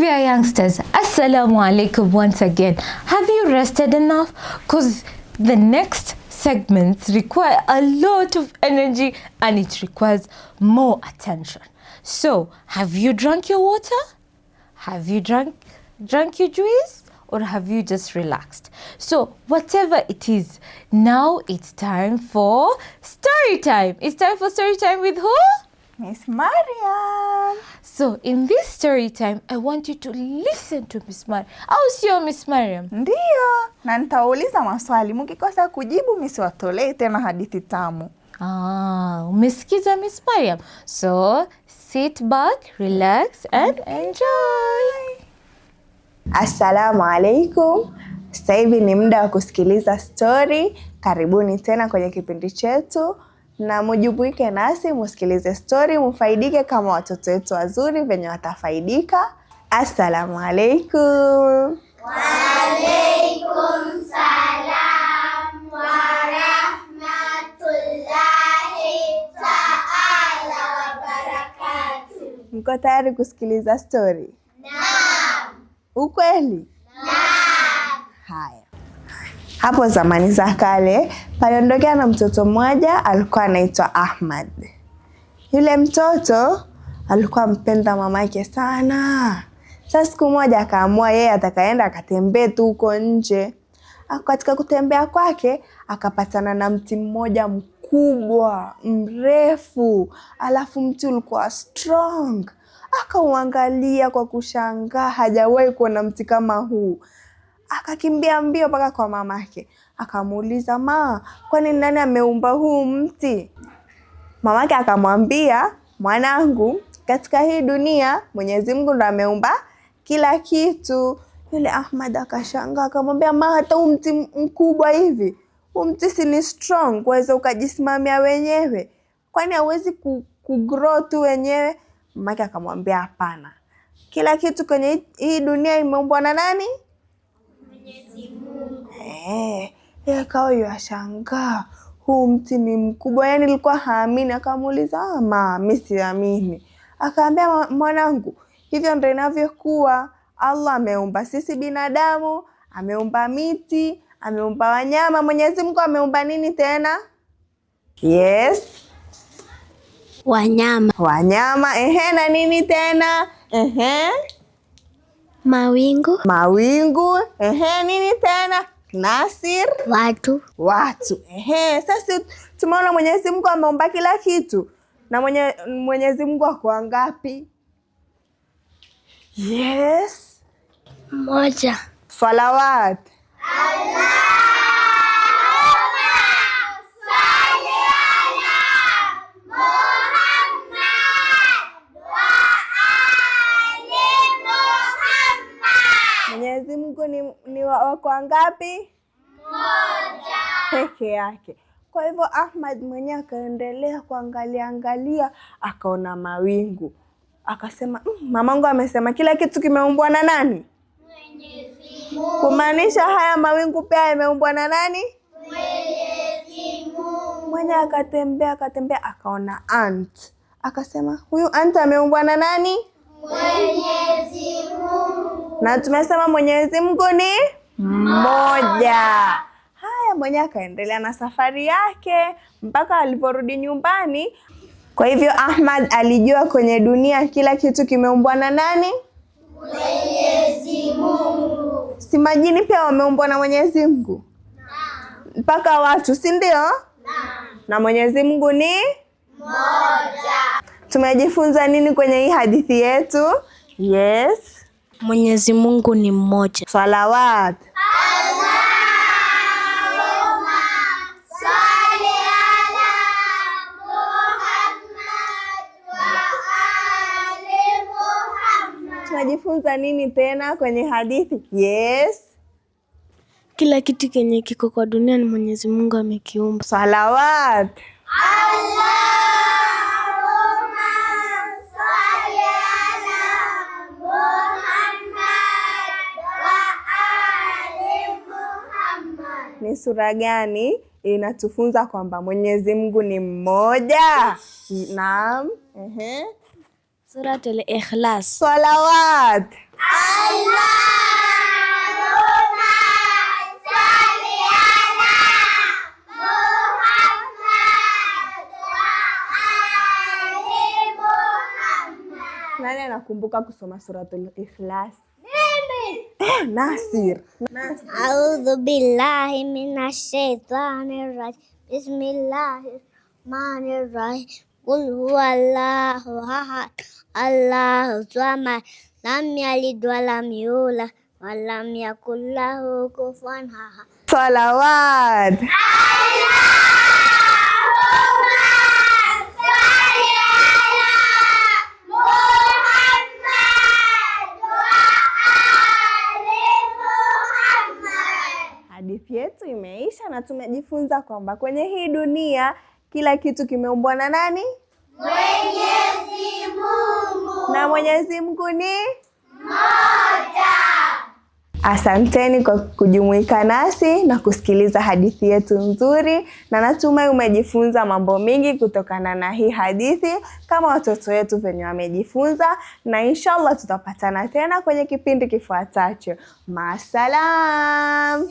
dear youngsters assalamu alaikum once again have you rested enough because the next segments require a lot of energy and it requires more attention so have you drunk your water have you drunk drunk your juice or have you just relaxed? So, whatever it is, now it's time for story time. It's time for story time with who? Miss Mariam. So in this story time I want you to listen to Miss Mariam. Au sio Miss Mariam? Ndiyo, na nitauliza maswali, mkikosa kujibu Miss misiwatolee tena hadithi tamu. Ah, umesikiza Miss Mariam? So sit back, relax and enjoy. Assalamu alaikum. Sasa hivi ni muda wa kusikiliza stori. Karibuni tena kwenye kipindi chetu na mujumuike nasi musikilize stori, mufaidike kama watoto wetu wazuri venye watafaidika. Assalamu alaikum. Mko tayari kusikiliza stori? Ukweli? Haya hapo zamani za kale paliondokea na mtoto mmoja alikuwa anaitwa Ahmad. Yule mtoto alikuwa mpenda mamake sana. Sasa siku moja akaamua yeye atakaenda akatembee tu huko nje. Katika kutembea kwake akapatana na mti mmoja mkubwa mrefu, alafu mti ulikuwa strong. Akauangalia kwa kushangaa, hajawahi kuona mti kama huu. Akakimbia mbio mpaka kwa mamake, akamuuliza ma, kwani nani ameumba huu mti? Mamake akamwambia, mwanangu, katika hii dunia Mwenyezi Mungu ndo ameumba kila kitu. Yule Ahmad akashangaa, akamwambia ma, hata huu mti mkubwa hivi, huu mti si ni strong, waweza ukajisimamia wenyewe, kwani hauwezi kugrow tu wenyewe? Mamake akamwambia hapana, kila kitu kwenye hii dunia imeumbwa na nani? Eh, akawa yashangaa huu mti ni mkubwa, yaani alikuwa haamini. Akamuuliza ah, mama, mimi siamini. Akaambia mwanangu, hivyo ndo inavyokuwa. Allah ameumba sisi binadamu, ameumba miti, ameumba wanyama. Mwenyezi Mungu ameumba nini tena? Yes, wanyama. Wanyama ehe, na nini tena ehe Mawingu. Mawingu. Ehe, nini tena? Nasir. Watu. Watu. Ehe, sasa tumeona Mwenyezi Mungu ameumba kila kitu na mwenye, Mwenyezi Mungu ako ngapi? Yes. Moja. Salawat. Allah. wako wangapi? Moja peke yake. Kwa hivyo Ahmad mwenyewe akaendelea kuangalia angalia, akaona mawingu, akasema mmm, mamangu amesema kila kitu kimeumbwa na nani? Mwenyezi Mungu. Kumaanisha haya mawingu pia yameumbwa na nani? Mwenyezi Mungu. Mwenye akatembea akatembea, akaona ant, akasema huyu ant ameumbwa na nani? Mwenyezi Mungu. Na tumesema Mwenyezi Mungu ni moja. Haya, mwenye akaendelea na safari yake mpaka aliporudi nyumbani. Kwa hivyo Ahmad alijua kwenye dunia kila kitu kimeumbwa na nani? Mwenyezi Mungu. Si majini pia wameumbwa na Mwenyezi Mungu mpaka watu, si ndio? Na, na Mwenyezi Mungu ni moja. Tumejifunza nini kwenye hii hadithi yetu? Yes, Mwenyezi Mungu ni mmoja. Salawat. Tunajifunza nini tena kwenye hadithi? Yes. Kila kitu kenye kiko kwa dunia ni Mwenyezi Mungu amekiumba. Salawat. Allah. ni sura gani inatufunza kwamba Mwenyezi Mungu ni mmoja? Naam, ehe, Suratul Ikhlas. Salawat Nani anakumbuka kusoma Suratul Ikhlas? Nasir. Auzubillahi minasyaitanirrajim. Bismillahirrahmanirrahim. Qul huwallahu ahad. Allahu samad. Lam yalid wa lam yulad wa lam yakul lahu kufuwan ahad. Salawat. Allah. hadithi yetu imeisha na tumejifunza kwamba kwenye hii dunia kila kitu kimeumbwa na nani? Mwenyezi Mungu. Na Mwenyezi Mungu ni moja. Asanteni kwa kujumuika nasi na kusikiliza hadithi yetu nzuri, na natumai umejifunza mambo mengi kutokana na hii hadithi kama watoto wetu venye wamejifunza, na inshallah tutapatana tena kwenye kipindi kifuatacho. Maasalam.